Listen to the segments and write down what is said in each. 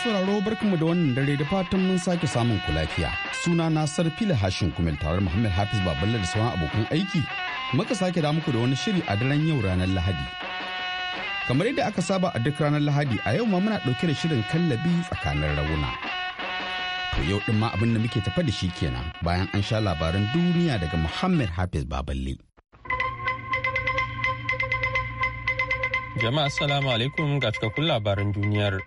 masu sauraro barkanmu da wannan dare da fatan mun sake samun ku lafiya. Suna na Sarfila Hashin Kumel tare Muhammad Hafiz Baballe da sauran abokan aiki. Muka sake da muku da wani shiri a daren yau ranar Lahadi. Kamar yadda aka saba a duk ranar Lahadi a yau ma muna dauke da shirin kallabi tsakanin rauna To yau ɗin ma abin da muke tafa da shi kenan bayan an sha labaran duniya daga Muhammad Hafiz Baballe. Jama'a assalamu alaikum ga cikakkun labaran duniyar.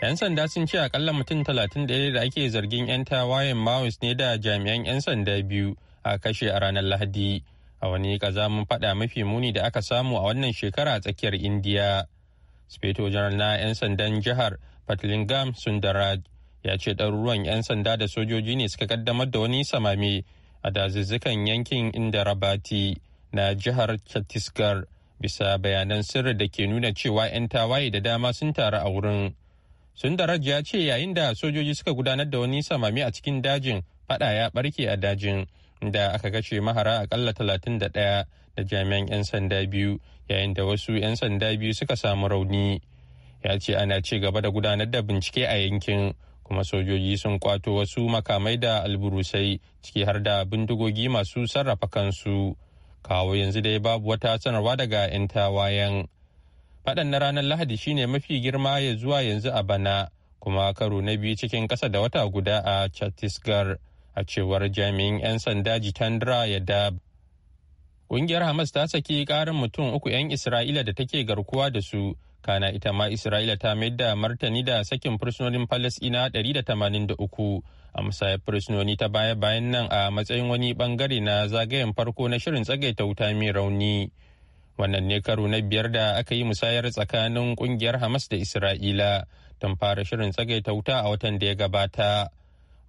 'Yan sanda sun ce akalla mutum 31 da ake zargin 'yan tawayen Maoist ne da jami'an 'yan sanda biyu a kashe a ranar Lahadi. A wani kazamin faɗa mafi muni da aka samu a wannan shekara a tsakiyar Indiya. Speto General na 'yan sandan jihar Patlingam sundarad ya ce ɗaruruwan 'yan sanda da sojoji ne suka kaddamar da wani samami a dazuzzukan yankin Indarabati na jihar Chhattisgarh bisa bayanan sirri da ke nuna cewa 'yan tawaye da dama sun taru a wurin. Sundaraj ya ce yayin da sojoji suka gudanar da wani samami a cikin dajin fada ya barke a dajin da aka kashe mahara akalla talatin da ɗaya da jami'an 'yan sanda biyu yayin da wasu 'yan sanda biyu suka samu rauni. Ya ce ana ci gaba da gudanar da bincike a yankin kuma sojoji sun kwato wasu makamai da alburusai ciki har da bindigogi masu sarrafa kansu. Kawo yanzu dai babu wata sanarwa daga 'yan tawayen. faɗan na ranar lahadi shine mafi girma ya zuwa yanzu a bana kuma karo na biyu cikin ƙasa da wata guda a chattisgarh a cewar jami'in 'yan sanda jitandra ya da ƙungiyar hamas ta saki ƙarin mutum uku 'yan isra'ila da take garkuwa da su kana ita ma isra'ila ta mayar da martani da sakin fursunonin falasina 183 a musayar fursunoni ta baya-bayan nan a matsayin wani bangare na zagayen farko na shirin tsagaita wuta mai rauni wannan ne karo na biyar da aka yi musayar tsakanin kungiyar hamas da isra'ila tun fara shirin tsagaita wuta a watan da ya gabata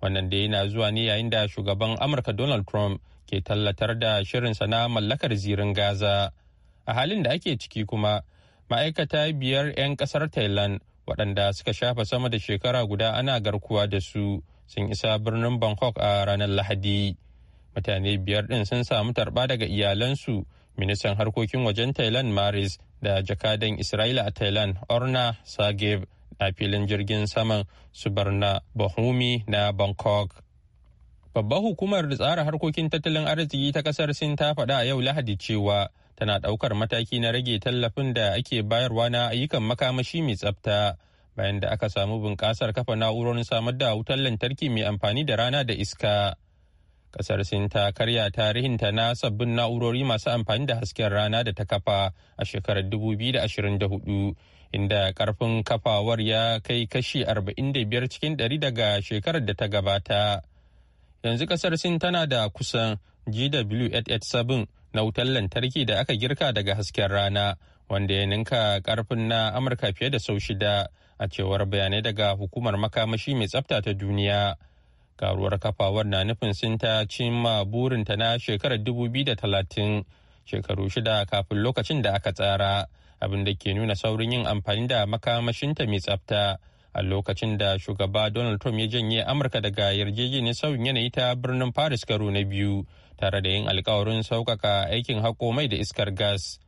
wannan da yana zuwa ne yayin da shugaban amurka donald trump ke tallatar da shirinsa na mallakar zirin gaza a halin da ake ciki kuma ma'aikata biyar 'yan kasar thailand waɗanda suka shafa sama da shekara guda ana garkuwa da su sun isa birnin bangkok a ranar lahadi mutane biyar ɗin sun samu tarba daga iyalansu ministan harkokin wajen thailand maris da jakadan isra'ila a thailand orna sagib a filin jirgin saman subarna bahumi na bangkok babbar hukumar tsara harkokin tattalin arziki ta kasar sin ta faɗa a yau lahadi cewa tana ɗaukar mataki na rage tallafin da ake bayarwa na ayyukan makamashi mai tsafta bayan da aka samu bunƙasar kafa na'urorin samar da wutar lantarki mai amfani da rana da iska Kasar Sin ta karya tarihinta na sabbin na'urori masu amfani da hasken rana da ta kafa a shekarar 2024 inda karfin kafawar ya kai kashi 45 cikin 100 daga shekarar da ta gabata. Yanzu kasar Sin tana da kusan GW887 na wutar lantarki da aka girka daga hasken rana wanda ya ninka karfin na Amurka fiye da sau shida a cewar bayanai daga hukumar makamashi mai tsafta ta duniya. karuwar kafawar na nufin sun ta cimma burinta na shekarar 2030 shekaru shida kafin lokacin da aka tsara abin da ke nuna saurin yin amfani da makamashinta mai tsafta a lokacin da shugaba donald trump ya janye amurka daga yarjejeniyar sauyin yanayi ta birnin paris karo na biyu tare da yin alkawarin sauƙaƙa aikin haƙo mai da iskar gas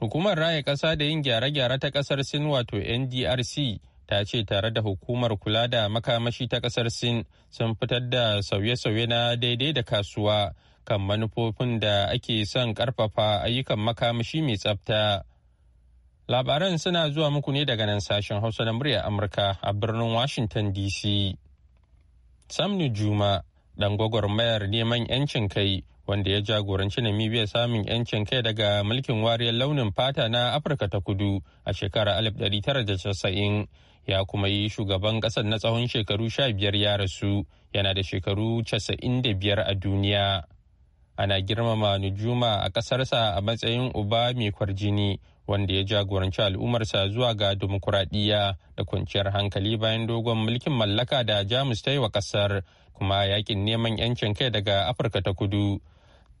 hukumar raya ƙasa da yin gyare-gyare ta ƙasar sin wato ndrc ta ce tare da hukumar kula da makamashi ta kasar sin sun fitar da sauye-sauye na daidai da kasuwa kan manufofin da ake son karfafa ayyukan makamashi mai tsafta labaran suna zuwa muku ne daga nan sashen hausa na murya amurka a birnin washington dc samnu juma dan gwagwarmayar neman 'yancin kai wanda ya jagoranci namibia samun 'yancin kai daga mulkin wariyar launin fata na afirka ta kudu a shekarar 1990 ya kuma yi shugaban kasar na tsawon shekaru 15 ya rasu yana da shekaru 95 a duniya ana girmama nujuma a kasarsa a matsayin uba mai kwarjini wanda ya jagoranci al'ummarsa zuwa ga dimokuraɗiyya da kwanciyar hankali bayan dogon mulkin mallaka da jamus ta yi wa ƙasar kuma yakin neman 'yancin kai daga afirka ta kudu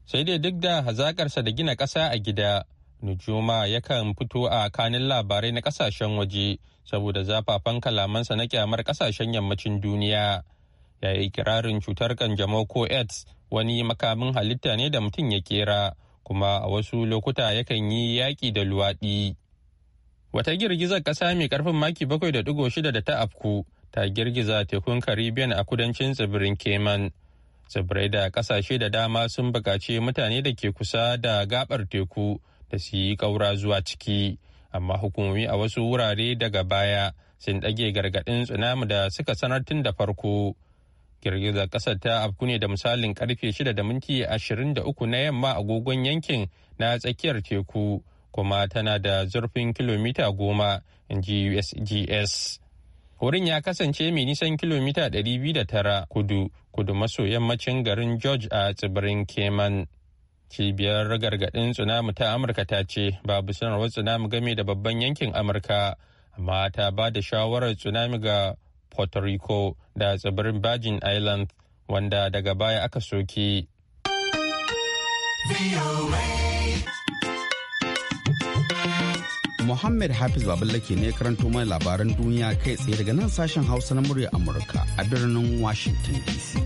sai dai duk da hazaƙarsa da gina ƙasa a gida nujuma yakan fito a kanin labarai na ƙasashen waje saboda zafafan kalamansa na kyamar ƙasashen yammacin duniya ya yi kirarin cutar kanjamau ko aids wani makamin halitta ne da mutum ya kera kuma a wasu lokuta yakan yi yaƙi da luwaɗi. Wata girgizar ƙasa mai ƙarfin maki bakwai da shida da ta afku ta girgiza tekun Caribbean a kudancin tsibirin keman. tsibirai da kasashe da dama sun bukaci mutane da ke kusa da gabar teku da su yi kaura zuwa ciki amma hukumomi a wasu wurare daga baya sun ɗage gargaɗin tsunami da suka sanar tun da farko girgizar ƙasar ta afku ne da misalin karfe 6 da minti 23 na yamma agogon yankin na tsakiyar teku kuma tana da zurfin kilomita 10 in ji usgs Wurin ya kasance mai nisan kilomita 209 kudu kudu maso yammacin garin George a tsibirin Cayman. Cibiyar gargaɗin tsunami ta Amurka ta ce babu sanarwar tsunami game da babban yankin Amurka, amma ta ba da shawarar tsunami ga Puerto Rico da tsibirin Virgin Islands wanda daga baya aka soke. Muhammad Hafiz Babalake ne karanto mana labaran duniya kai tsaye daga nan sashen Hausa na murya Amurka a birnin Washington DC.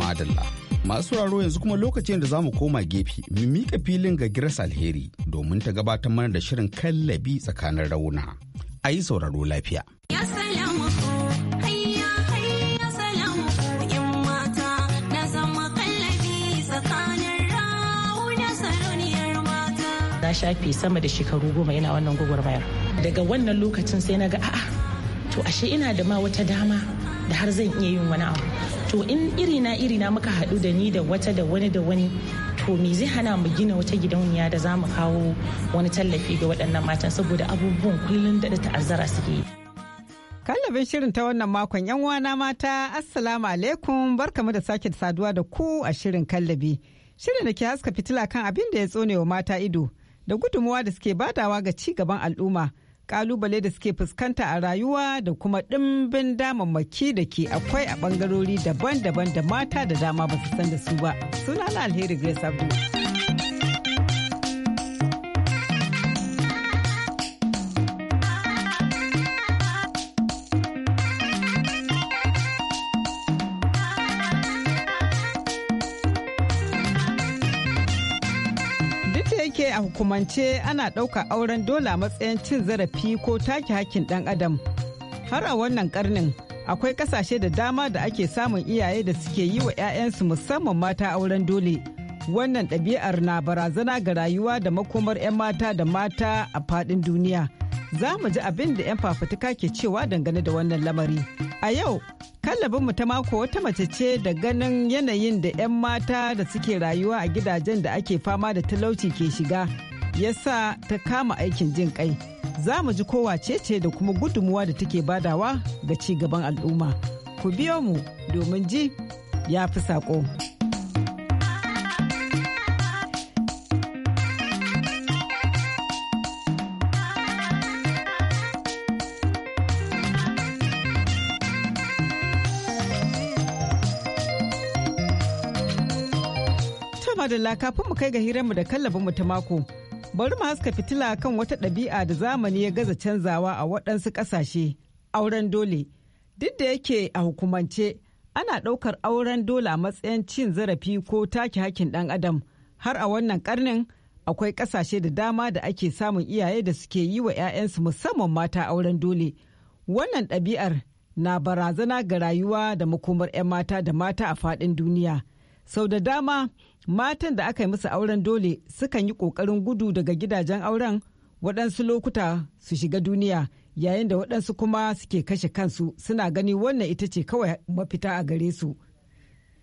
Madalla. Masu raro yanzu kuma lokacin da za mu koma gefe mu mika filin ga Giras Alheri domin ta gabatar mana da shirin kallabi tsakanin rauna. ayi sauraro lafiya. shafe sama da shekaru goma yana wannan gwagwarmayar daga wannan lokacin sai na ga a'a to ashe ina da ma wata dama da har zan iya yin wani abu to in irina irina muka haɗu da ni da wata da wani da wani to me zai hana mu gina wata gidauniya da za mu kawo wani tallafi ga waɗannan matan saboda abubuwan kullum da ta'azzara suke yi. kallabin shirin ta wannan makon yan uwana mata assalamu alaikum barkamu da sake saduwa da ku a shirin kallabi shirin da ke haska fitila kan abin da ya tsone wa mata ido da gudunmuwa da suke badawa ga ci gaban al'umma kalubale da suke fuskanta a rayuwa da kuma ɗimbin damammaki da ke akwai a ɓangarori daban-daban da mata da dama ba su san da su ba. Sunana Alheri Grace Abdul. a hukumance ana ɗauka auren dole a matsayin cin zarafi ko take hakkin ɗan adam. Har a wannan karnin akwai ƙasashe da dama da ake samun iyaye da suke yi wa 'ya'yansu musamman mata auren dole. Wannan ɗabi'ar na barazana ga rayuwa da makomar 'yan mata da mata a faɗin duniya. za mu ji abin da 'yan fafutuka ke cewa dangane da wannan lamari. A yau, kallabinmu ta mako wata mace ce da ganin yanayin da 'yan mata da suke rayuwa a gidajen da ake fama da talauci ke shiga, yasa ta kama aikin jin kai. Za mu ji kowa ce da kuma gudunmuwa da take badawa ga ci gaban al'umma. Ku biyo mu domin ji ya fi saƙo. madalla kafin mu kai ga hiranmu da kallabin mu ta mako. Bari mu haska fitila kan wata ɗabi'a da zamani ya gaza canzawa a waɗansu ƙasashe, auren dole. Duk da yake a hukumance, ana ɗaukar auren dole a matsayin cin zarafi ko take hakkin ɗan adam. Har a wannan ƙarnin akwai ƙasashe da dama da ake samun iyaye da suke yi wa 'ya'yansu musamman mata auren dole. Wannan ɗabi'ar na barazana ga rayuwa da makomar 'yan mata da mata a faɗin duniya. sau da dama matan da aka yi musu auren dole sukan yi ƙoƙarin gudu daga gidajen auren waɗansu lokuta su shiga duniya yayin da waɗansu kuma suke kashe kansu suna gani wannan ita ce kawai mafita a gare su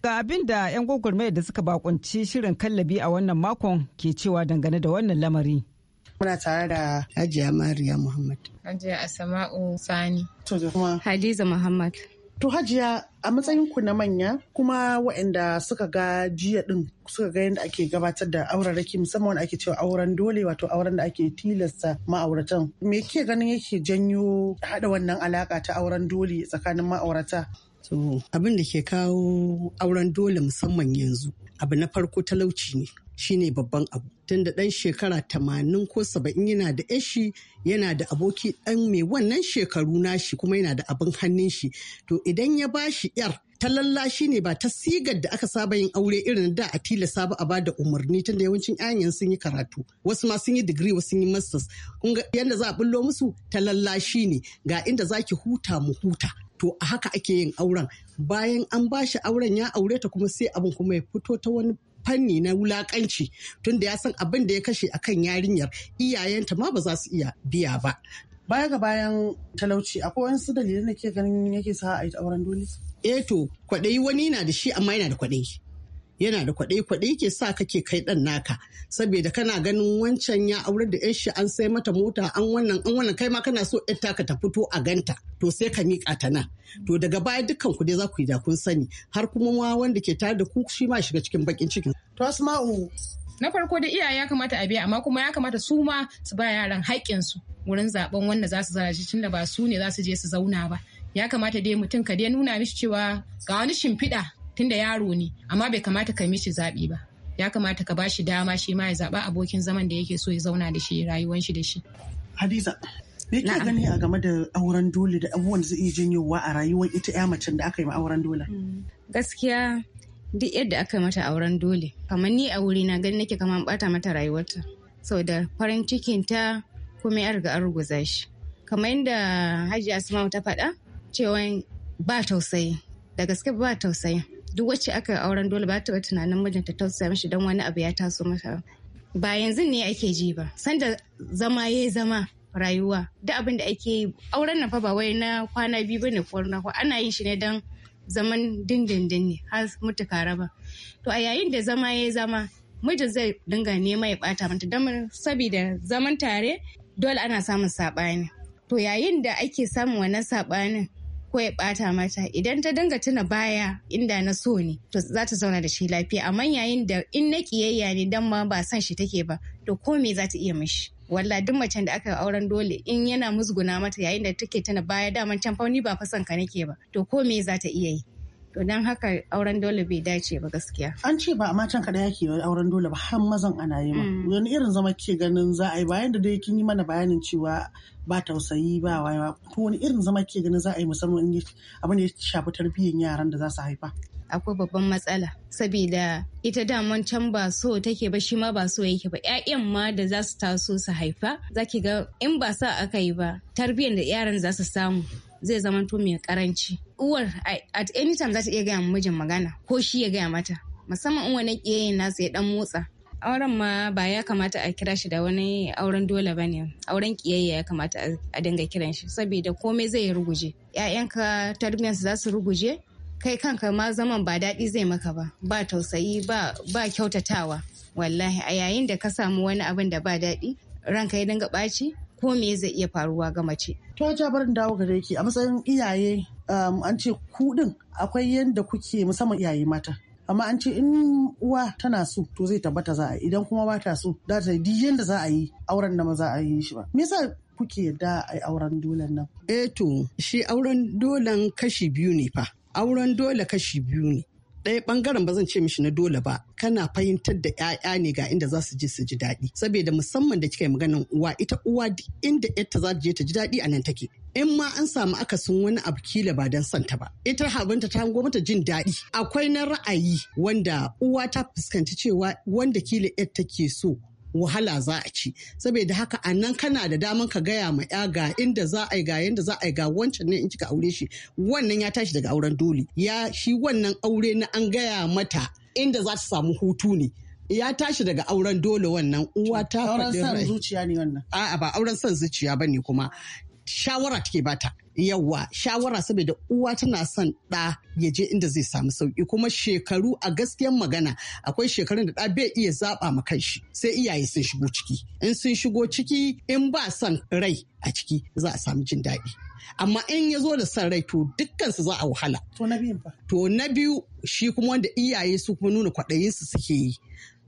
ga abin da 'yan gwagwarmayar da suka bakunci shirin kallabi a wannan makon ke cewa dangane da wannan lamari Muna tare da Hajiya Mariya Muhammad. Hajiya Asama'u Sani. Hadiza Muhammad. To hajiya a matsayin ku na manya kuma waɗanda suka ga jiya ɗin suka ga yadda ake gabatar da auren rake? musamman ake cewa auren dole wato auren da ake tilasta ma'auratan. Me ke ganin yake janyo haɗa wannan alaƙa ta auren dole tsakanin ma'aurata? So, abin da ke kawo auren dole musamman yanzu abu na farko talauci ne shine babban abu da ɗan shekara tamanin ko saba'in yana da yashi yana da aboki ɗan mai wannan shekaru nashi kuma yana da abin hannun shi to idan ya bashi yar ta lallashi ne ba ta sigar da aka saba yin aure irin da a tilasta ba a ba da umarni tunda yawancin yayan sun yi karatu wasu ma sun yi digiri wasu sun yi masters kun yanda za a bullo musu ta lallashi ne ga inda zaki huta mu huta to a haka ake yin auren bayan an ba shi auren ya aure ta kuma sai abin kuma ya fito ta wani fanni na wulakanci tunda ya san abin da ya kashe a kan yarinyar iyayenta ma ba za su iya biya ba baya ga bayan talauci akwai wasu dalilan da ke ganin yake sa a yi auren dole eh kwaɗayi wani na da shi amma yana da kwaɗayi yana da kwaɗe-kwaɗe ke sa kake kai ɗan naka saboda kana ganin wancan ya aure da yan shi an sai mata mota an wannan an wannan kai ma kana so yan taka ta fito a ganta to sai ka miƙa ta na to daga baya dukkan ku dai za ku yi da kun sani har kuma ma wanda ke tare da ku shi ma shiga cikin bakin ciki. to asma'u na farko da iyaye ya kamata a biya amma kuma ya kamata su ma su ba yaran haƙƙinsu wurin zaben wanda za su zarashi da ba su ne za su je su zauna ba ya kamata dai mutum ka dai nuna mishi cewa ga wani shimfiɗa tunda yaro ne amma bai kamata ka mishi zaɓi ba ya kamata ka bashi dama shi ma ya zaɓa abokin zaman da yake so ya zauna da shi rayuwan shi da shi. Hadiza, me ke gani a game da auren dole da abubuwan zai iya janyowa a rayuwar ita ya macen da aka yi ma auren dole? Mm. Gaskiya duk yadda aka yi mata auren dole kamar ni a wuri na gani nake kamar bata mata rayuwarta da farin cikin ta kuma ya riga an ruguza shi kamar yadda Hajiya asma ta faɗa cewa ba tausayi da gaske ba tausayi duk wacce aka auren dole ba ta tunanin mijinta ta tausaya mishi don wani abu ya taso mata. ba yanzu ne ake ji ba sanda zama ya zama rayuwa duk abin da ake yi auren nan fa ba wai na kwana biyu bane ko na ana yin shi ne dan zaman dindindin ne har mutu raba to a yayin da zama ya zama mijin zai dinga nema ya bata mata don saboda zaman tare dole ana samun saɓani to yayin da ake samun wannan saɓanin ko ya bata mata idan ta dinga tuna baya inda na so ne to za ta zauna da shi lafiya amma yayin da in na kiyayya ne dan ma ba san shi take ba to ko me za ta iya mishi walla duk macen da aka auren dole in yana musguna mata yayin da take tuna baya daman can fauni ba ba fasan ka nake ba to ko me za ta iya yi to don haka auren dole bai dace ba gaskiya an ce ba a matan kaɗai yake auren dole ba har mazan ana yi ma mm. wani irin zama ke ganin za a yi bayan da dai kin yi mana bayanin cewa ba tausayi ba wayewa Ko wani irin zama ke ganin za a yi musamman abin da ya shafi tarbiyyar yaran da za su haifa akwai babban matsala saboda ita daman can ba so take ba shi ma ba so yake ba ƴaƴan ma da za su taso su haifa zaki ga in ba sa aka yi ba tarbiyyar da yaran za su samu zai zama to mai karanci uwar at any time za ta iya gaya mijin magana ko shi ya gaya mata musamman in wani kiyayen nasa ya dan motsa auren ma ba ya kamata a kira shi da wani auren dole ba ne auren kiyayya ya kamata a dinga kiran shi saboda komai zai yi ruguje ƴaƴanka su za su ruguje kai kanka ma zaman ba daɗi zai maka ba ba tausayi ba ba kyautatawa wallahi a yayin da ka samu wani abin da ba daɗi ranka ya dinga ɓaci ko me zai iya faruwa ga mace. To ja barin dawo gare ki a matsayin iyaye um, an ce kuɗin akwai yadda kuke musamman iyaye mata. amma an ce in uwa tana so to zai tabbata za a yi idan kuma ba ta so da ta yi yadda za a yi auren da za a yi shi ba me yasa kuke da a yi auren dolan nan eh to shi auren dolan kashi biyu ne fa auren dole kashi biyu ne ɗaya bangaren ba zan ce mishi na dole ba kana fahimtar da 'ya'ya ne ga inda za su je su ji daɗi saboda musamman da kika yi maganan uwa ita uwa inda yarta za ta je ta ji daɗi a nan take in ma an samu akasin wani abu kila ba don santa ba ita habanta ta hango mata jin daɗi akwai na ra'ayi wanda uwa ta fuskanci cewa wanda kila yar take so wahala za a ci saboda haka a nan kana da daman ka gaya ma ya ga inda za a yi ga yanda za a yi ga wancan ne in kika aure shi wannan ya tashi daga auren dole ya shi wannan aure na an gaya mata inda za ta samu hutu ne ya tashi daga auren dole wannan uwa ta rai. Auren son zuciya ne wannan. A'a ba auren son zuciya ba ne kuma shawara take bata yawa shawara saboda uwa tana son ɗa ya je inda zai samu sauki kuma shekaru a gaskiyan magana akwai shekarun da ɗa bai iya zaɓa ma shi sai iyaye sun shigo ciki in sun shigo ciki in ba son rai a ciki za a samu jin daɗi amma in ya zo da son rai to dukkansu za a wahala to na biyu shi kuma wanda iyaye su kuma nuna kwaɗayinsu suke yi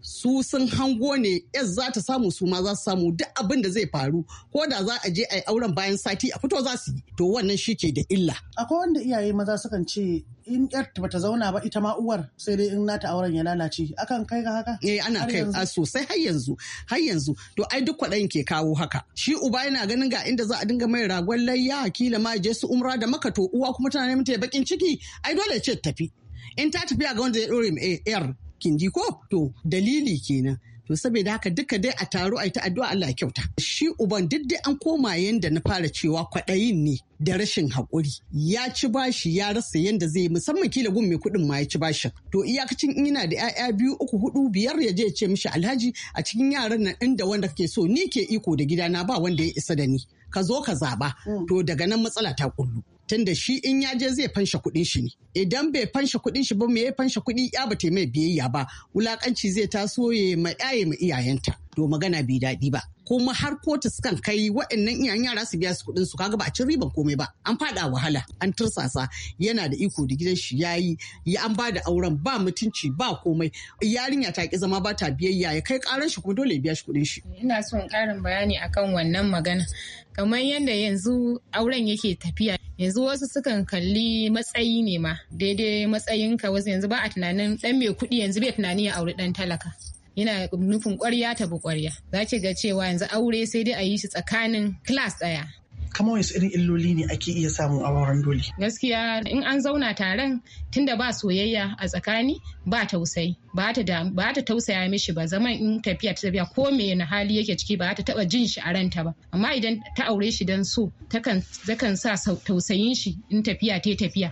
su sun hango ne yas za ta samu su ma za su samu duk abin da zai faru ko da za a je a yi auren bayan sati a fito za su yi to wannan shi ke da illa. Akwai wanda iyaye maza sukan ce in yar bata zauna ba ita ma uwar sai dai in nata auren ya lalace akan kai ga haka eh ana kai a sosai har yanzu har yanzu to ai duk kwaɗayin ke kawo haka shi uba yana ganin ga inda za a dinga mai ragon layya kila ma je su umra da maka to uwa kuma tana neman ta bakin ciki ai dole ce tafi in ta tafiya ga wanda ya ɗore ma yar eh, kin ji ko to dalili kenan to saboda haka duka dai a taro a yi ta addu'a Allah kyauta shi uban duk dai an koma yanda na fara cewa kwaɗayin ne da rashin haƙuri ya ci bashi ya rasa yanda zai musamman kila gun mai kuɗin ma ya ci bashin to iyakacin in yana da 'ya'ya biyu uku hudu biyar ya je ya ce mishi alhaji a cikin yaran nan inda wanda kake so ni ke iko da gidana ba wanda ya isa da ni ka zo ka zaɓa. Mm. to daga nan matsala ta kullu tunda shi in ya je zai fanshe kuɗin shi ne idan bai fanshe kuɗin shi ba me ya fanshe kuɗi ya ba mai biyayya ba wulakanci zai taso ya ma ma iyayenta do magana bai daɗi ba kuma har kotu sukan kai waɗannan iyayen yara su biya su kuɗin su kaga ba a cin riban komai ba an faɗa wahala an tursasa yana da iko da gidan shi yayi ya an ba da auren ba mutunci ba komai yarinya ta ki zama ba ta biyayya ya kai ƙaran shi kuma dole ya biya shi kuɗin shi ina son ƙarin bayani akan wannan magana kamar yadda yanzu auren yake tafiya yanzu wasu sukan kalli matsayi ne ma daidai matsayinka wasu yanzu ba a tunanin dan mai kuɗi yanzu bai tunani ya auri dan talaka yana nufin ƙwarya ta bi ƙwarya za ki ga cewa yanzu aure sai dai a yi shi tsakanin class ɗaya kamar wasu irin illoli ne ake iya samu a wurin dole. Gaskiya in an zauna taron tunda ba soyayya a tsakani ba tausayi ba ta tausaya mishi ba zaman in tafiya ta tafiya ko me na hali yake ciki ba ta taba jin shi a ranta ba amma idan ta aure shi dan so kan sa tausayin shi in tafiya ta tafiya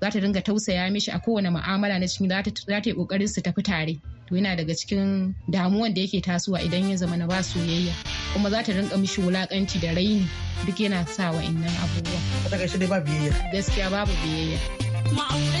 za ta dinga tausaya mishi a kowane mu'amala na cikin za ta yi kokarin su tafi tare. to yana daga cikin damuwan da yake tasowa idan ya zama na ba soyayya kuma za ta rinka mishi wulakanci da raini duk yana sa wa'annan abubuwa. shi biyayya. Gaskiya babu biyayya.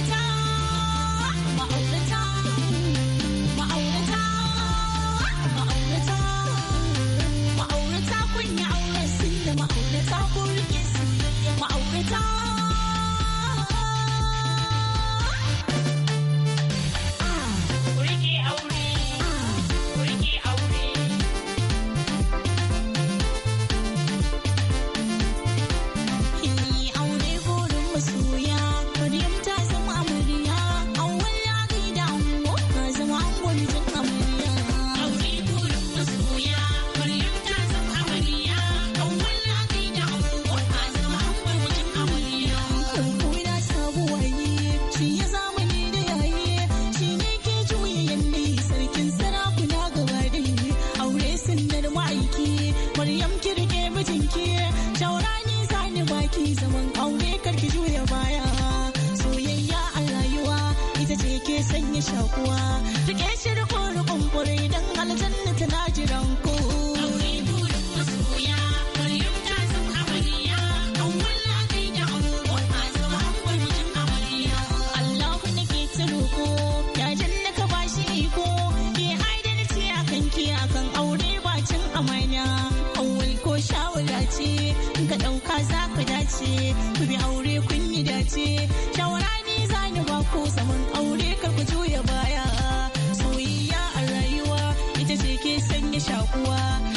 小虎啊！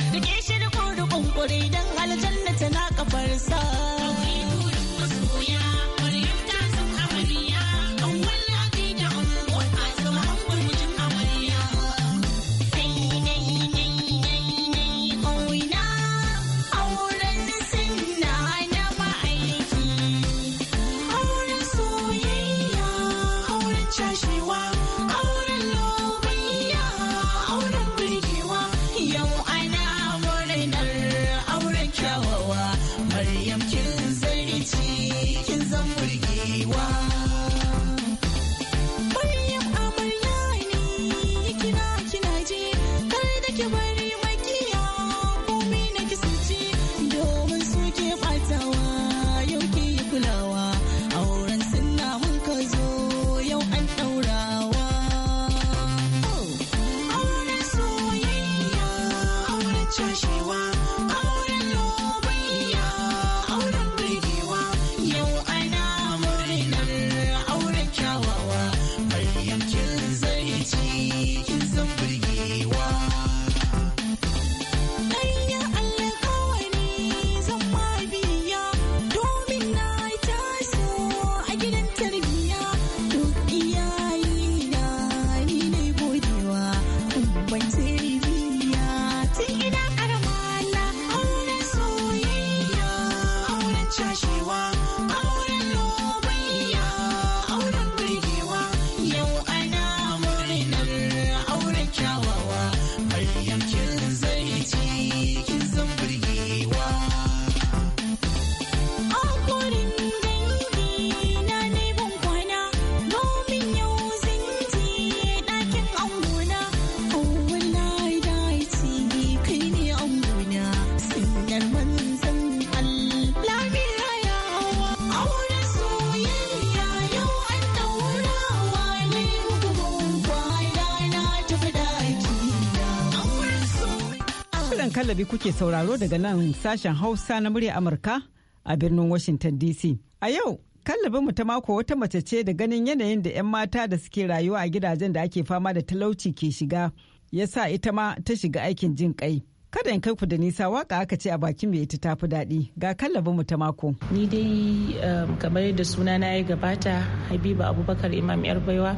kallabi kuke sauraro daga nan sashen Hausa na murya Amurka a birnin Washington DC. A yau, kallabinmu ta mako wata mace ce da ganin yanayin da 'yan mata da suke rayuwa a gidajen da ake fama da talauci ke shiga, ya sa ita ma ta shiga aikin jin kai. Kada in kai ku da nisa waka aka ce a bakin mai ita tafi daɗi ga kallabinmu ta mako. Ni dai eh, kamar yadda suna na ya gabata Habiba Abubakar Imam yar baiwa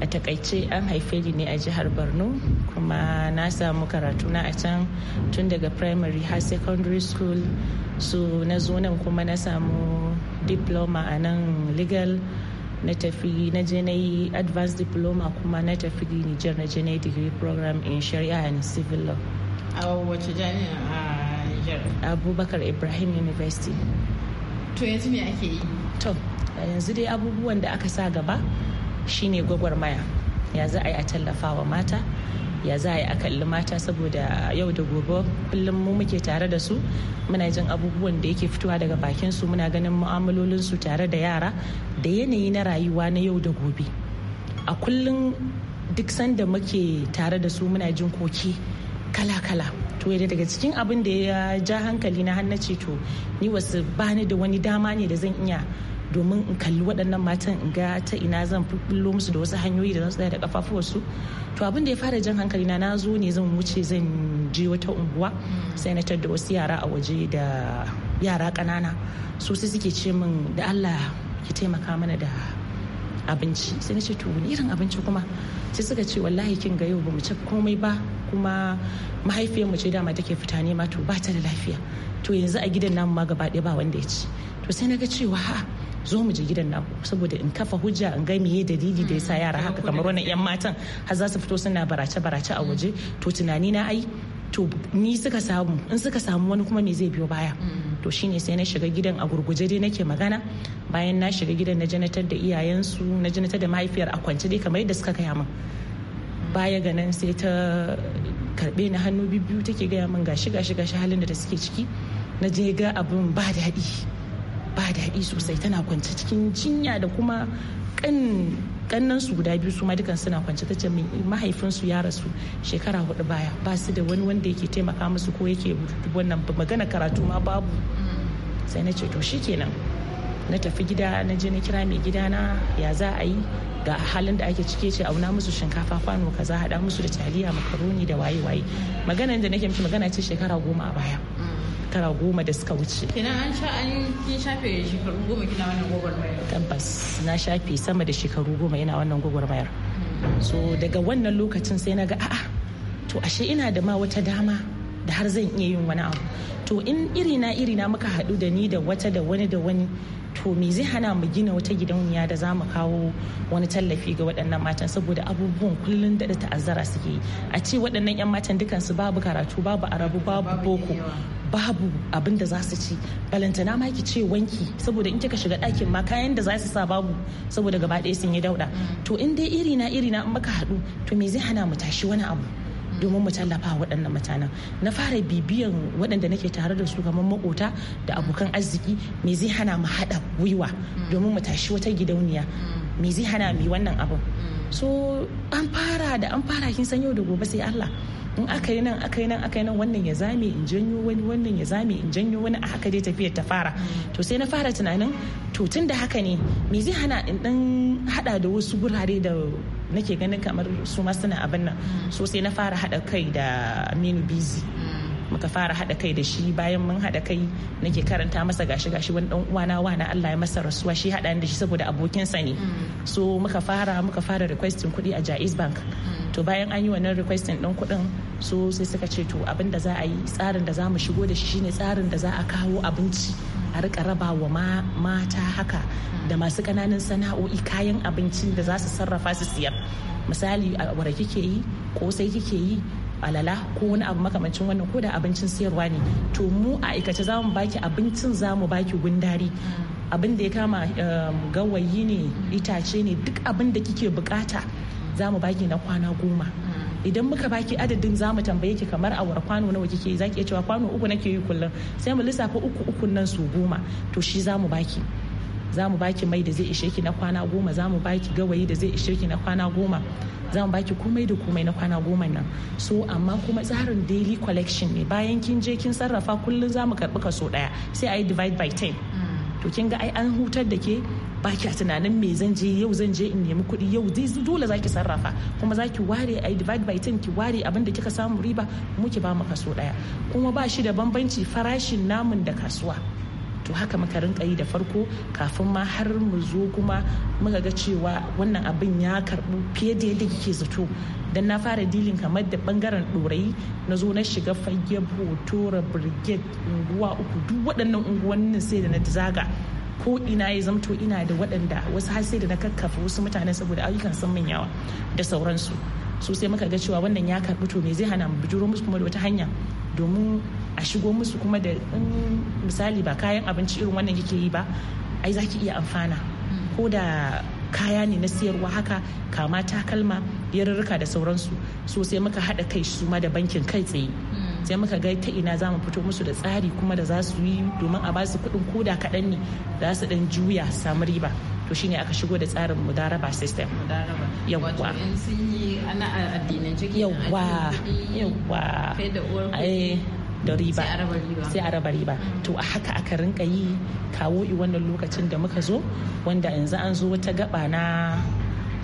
a takaice an haife ni ne a jihar borno kuma na samu karatuna a can tun daga primary har secondary school su na zo nan kuma na samu diploma a nan legal na tafi na je na yi advanced diploma kuma na tafi Niger na je na yi degree program in shari'a and civil law a wace jami'a a niger abubakar ibrahim university to yanzu me ake yi to yanzu dai abubuwan da aka sa gaba shine gwagwarmaya ya za a yi a tallafa wa mata ya za a yi a kalli mata saboda yau da gobe kullum mu muke tare da su muna jin abubuwan da yake fitowa daga bakin su muna ganin mu'amalolin su tare da yara da yanayi na rayuwa na yau da gobe a kullum duk sanda muke tare da su muna jin koki kala-kala to yadda daga cikin abin da ya ja hankali na hannace to ni wasu bani da wani dama ne da zan iya domin in kalli waɗannan matan in ga ta ina zan bullo musu da wasu hanyoyi da za tsaya da kafafuwarsu to abin da ya fara jan hankali na zo ne zan wuce zan je wata unguwa sai na tar da wasu yara a waje da yara ƙanana su sai suke ce min da Allah ki taimaka mana da abinci sai na ce to wani irin abinci kuma sai suka ce wallahi kin ga yau bamu ci komai ba kuma mahaifiyar mu ce dama take fita ma to ba ta da lafiya to yanzu a gidan namu ma gaba ɗaya ba wanda ya ci to sai na ga cewa ha zo mu je gidan naku saboda in kafa hujja in ga meye dalili da yasa yara haka kamar wannan yan matan har za su fito suna barace barace a waje to tunani na ai to ni suka samu in suka samu wani kuma me zai biyo baya mm. to shine sai na shiga gidan a gurguje dai nake magana bayan na shiga gidan na janatar da iyayensu na janatar da mahaifiyar a kwance dai kamar yadda suka kaya min baya ga nan sai ta karbe na hannu biyu take gaya min gashi gashi gashi halin da ta suke ciki na je ga abin ba daɗi ba daɗi sosai tana kwance cikin jinya da kuma kan su guda biyu su ma dukan suna kwance ta ce mahaifinsu ya rasu shekara hudu baya ba su da wani wanda yake taimaka musu ko yake wannan magana karatu ma babu sai na ce to shikenan na tafi gida na je na kira mai gida na ya za a yi ga halin da ake cike ce auna musu shinkafa kwano kaza haɗa musu da taliya makaroni da waye waye maganan da nake miki magana ce shekara goma a baya shekara goma da suka wuce. Kina an sha an kin shafe shekaru goma kina wannan gwagwarmayar? Tabbas na shafe sama da shekaru goma yana wannan gwagwarmayar. So daga wannan lokacin sai na ga a'a to ashe ina da ma wata dama da har zan iya yin wani abu. To in irina irina muka haɗu da ni da wata da wani da wani to me zai hana mu gina wata gidauniya da za mu kawo wani tallafi ga waɗannan matan saboda abubuwan kullum da ta'azzara suke yi a ce waɗannan 'yan matan dukansu babu karatu babu arabu babu boko babu abin da za su ci balantana ma ki ce wanki saboda in kika shiga ɗakin ma kayan da za su sa babu saboda gaba ɗaya sun yi dauɗa to in dai iri na iri na in baka haɗu to me zai hana mu tashi wani abu domin mu tallafa waɗannan mutanen na fara bibiyan waɗanda nake tare da su kamar makota da abokan arziki me zai hana mu haɗa gwiwa mm. domin mu tashi wata gidauniya mm. me zai hana mu wannan abin mm. so an fara da an fara kin san yau da gobe sai Allah in aka yi nan aka yi nan aka yi nan wannan ya zame in janyo wani wannan ya zame in janyo wani a haka dai tafiyar ta fara to sai na fara tunanin to tun da haka ne me zai hana in dan hada da wasu gurare da nake ganin kamar su ma suna abin nan mm. so na fara haɗa kai da aminu bizi mm. muka fara haɗa kai da shi bayan mun haɗa kai nake karanta masa gashi gashi wani dan uwana wana Allah ya masa rasuwa shi haɗa da shi saboda abokinsa ne mm. so muka fara muka fara requesting kuɗi a Jaiz Bank to bayan an yi wannan requesting ɗin kuɗin so sai suka ce to abin da za a yi tsarin da za mu shigo da shi shine tsarin da za a kawo abinci a rika raba wa mata haka da masu ƙananan sana'o'i kayan abincin da za su sarrafa su siyar misali a kike yi kosai kike yi alala ko wani abu makamancin wannan ko da abincin siyarwa ne to mu a aikace za mu baki abincin za mu baki gundari abin da ya kama um, gawayi ne itace ne duk abin da kike bukata za mu baki na kwana goma idan muka baki adadin zamu tambaye ki kamar awar kwano nawa kike yi zaki iya cewa kwano uku nake yi kullum sai mu lissafa uku uku nan su goma to shi zamu baki za mu baki mai da zai ishe ki na kwana goma za mu baki gawayi da zai ishe ki na kwana goma za mu baki komai da komai na kwana goma nan so amma kuma tsarin daily collection ne bayan kin je kin sarrafa kullum za mu karɓi kaso ɗaya sai a yi divide by 10 mm. to kin ga ai an hutar da ke ba ki tunanin me zan je yau zan je in nemi kuɗi yau dole zaki sarrafa kuma zaki ware a divide by 10 ki ware abin da kika samu riba muke ba mu kaso ɗaya kuma ba shi da bambanci farashin namun da kasuwa to haka muka rinka yi da farko kafin ma har mu zo kuma muka ga cewa wannan abin ya karbu fiye da yadda kike zato dan na fara dilin kamar da bangaren dorayi na zo na shiga fage hotora brigade unguwa uku duk waɗannan unguwannin sai da na zaga ko ina ya zamto ina da waɗanda wasu har sai da na kakkafa wasu mutane saboda ayyukan sun min yawa da sauransu su sai muka ga cewa wannan ya karɓi to me zai hana mu bijiro musu kuma da wata hanya domin a shigo musu kuma da misali ba kayan abinci irin wannan yake yi ba ai za ki iya amfana ko da kaya ne na siyarwa haka kama takalma yarurruka da sauransu sosai muka haɗa kai su ma da bankin kai tsaye sai muka ga ta ina za mu fito musu da tsari kuma da za su yi domin a ba su kuɗin koda kaɗan ne za su ɗan juya samu riba to shine aka shigo da tsarin mudaraba system yawwa yawwa yawwa da eh, riba sai a raba riba to a haka aka rinka yi kawo wannan lokacin da muka zo wanda yanzu an zo wata gaba na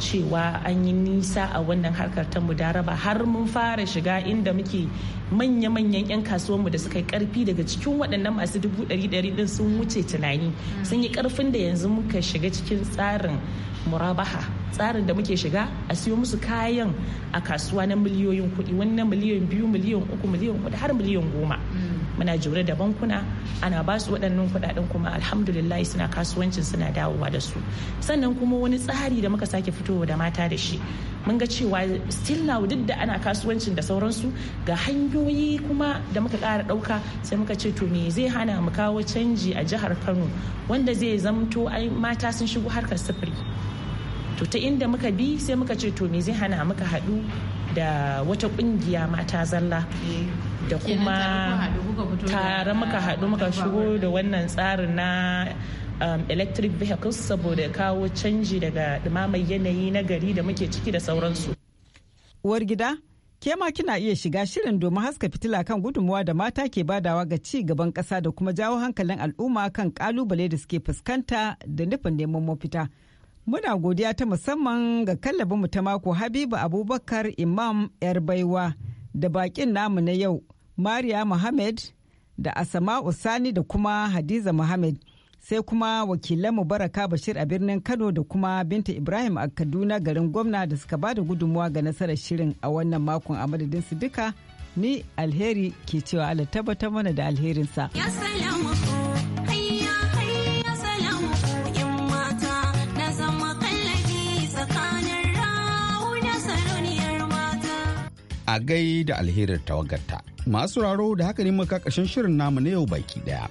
cewa an yi nisa a wannan harkar ta mudaraba har mun fara shiga inda muke manya-manyan 'yan kasuwanmu da suka yi karfi daga cikin waɗannan masu dubu ɗari ɗari ɗin sun wuce tunani sun yi karfin da yanzu muka shiga cikin tsarin murabaha tsarin da muke shiga a siyo musu kayan a kasuwa na miliyoyin kuɗi wani na biyu miliyan uku miliyan kuɗi har miliyan goma muna jure da bankuna ana ba su waɗannan kuɗaɗen kuma alhamdulillah suna kasuwancin suna dawowa da su sannan kuma wani tsari da muka sake fitowa da mata da shi mun ga cewa still now duk da ana kasuwancin da sauransu ga hanyoyi kuma da muka ƙara ɗauka sai muka ce to me zai hana mu kawo canji a jihar kano wanda zai zamto mata sun shigo harkar sufuri to ta inda muka bi sai muka ce to me zai hana muka haɗu da wata ƙungiya mata zalla da kuma tare muka haɗu muka shigo da wannan tsarin na um, electric vehicles saboda kawo canji daga dumamar yanayi na gari da muke ciki da sauransu. Uwar gida, ke ma kina iya shiga shirin domin haska fitila kan gudunmuwa da mata ke badawa ga ci gaban ƙasa da kuma jawo hankalin al'umma kan kalubale da suke fuskanta da nufin neman mafita. Muna godiya ta musamman ga kallabinmu ta mako Habibu Abubakar Imam 'yar baiwa da bakin namu na yau mariya muhammad da asama'u sani da kuma hadiza muhammad sai kuma wakilan mubaraka bashir a birnin kano da kuma binta ibrahim a kaduna garin gwamna da suka bada gudunmuwa ga nasarar shirin a wannan makon a madadinsu duka ni alheri ke cewa allah tabbatar mana da alherinsa. a gai da alherar tawagarta. Masu raro da haka ne muka ƙarshen shirin namu na yau baki daya.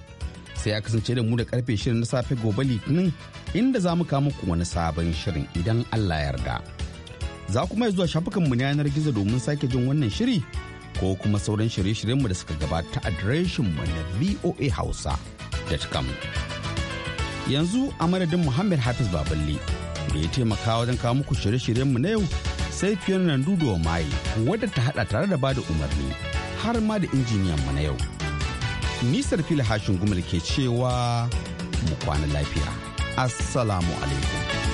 Sai a kasance da mu da karfe shirin na safe gobe litinin inda za mu kawo muku wani sabon shirin idan Allah yarda. Za kuma zuwa shafukanmu na yanar gizo domin sake jin wannan shiri ko kuma sauran shirye shiryen mu da suka gabata mu na voahausa.com. Yanzu a madadin Muhammad Hafiz Baballe da ya taimaka wajen kawo muku shirye-shiryenmu na yau sai fiona wa mai wadda ta hada tare da bada umarni har ma da injiniyan mu na yau nisar fili hashin gumal ke cewa mu kwana lafiya assalamu alaikum